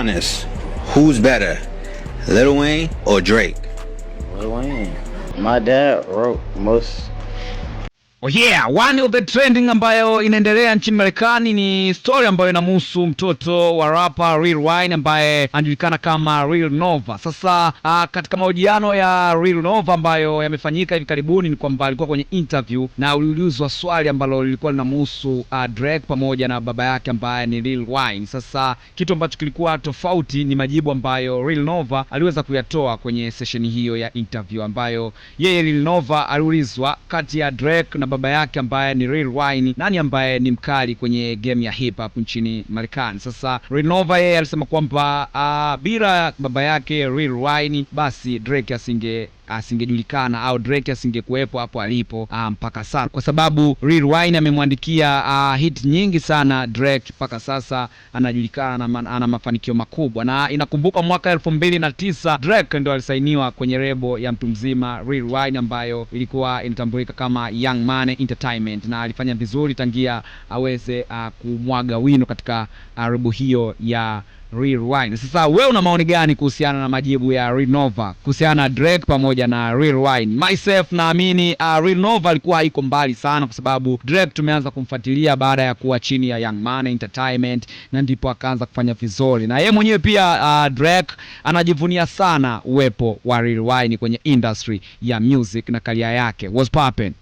honest, who's better, Lil Wayne or Drake? Lil Wayne. My dad wrote most Oh yeah, one of the trending ambayo inaendelea nchini Marekani ni story ambayo inamhusu mtoto wa rapa Lil Wayne ambaye anajulikana kama Lil Nova. Sasa uh, katika mahojiano ya Lil Nova ambayo yamefanyika hivi karibuni ni kwamba alikuwa kwenye interview na uliulizwa swali ambalo lilikuwa linamhusu uh, ah, Drake pamoja na baba yake ambaye ni Lil Wayne. Sasa kitu ambacho kilikuwa tofauti ni majibu ambayo Lil Nova aliweza kuyatoa kwenye sesheni hiyo ya interview ambayo yeye Lil Nova aliulizwa kati ya Drake na baba yake ambaye ni Lil Wayne, nani ambaye ni mkali kwenye game ya hip hop nchini Marekani. Sasa Renova yeye alisema kwamba ah, bila baba yake Lil Wayne basi Drake asinge asingejulikana au Drake asingekuwepo hapo alipo ah, mpaka sasa, kwa sababu Lil Wayne amemwandikia uh, hit nyingi sana Drake, mpaka sasa anajulikana ana, ana mafanikio makubwa, na inakumbuka mwaka elfu mbili na tisa Drake ndo alisainiwa kwenye rebo ya mtu mzima Lil Wayne ambayo ilikuwa inatambulika kama Young Money Entertainment, na alifanya vizuri tangia aweze uh, kumwaga wino katika uh, rebo hiyo ya Rewind. Sasa wewe una maoni gani kuhusiana na majibu ya Renova kuhusiana na Drake pamoja na Rewind? Myself naamini uh, Renova alikuwa haiko mbali sana, kwa sababu Drake tumeanza kumfuatilia baada ya kuwa chini ya Young Money Entertainment na ndipo akaanza kufanya vizuri, na yeye mwenyewe pia uh, Drake anajivunia sana uwepo wa Rewind kwenye industry ya music na kalia yake. What's poppin?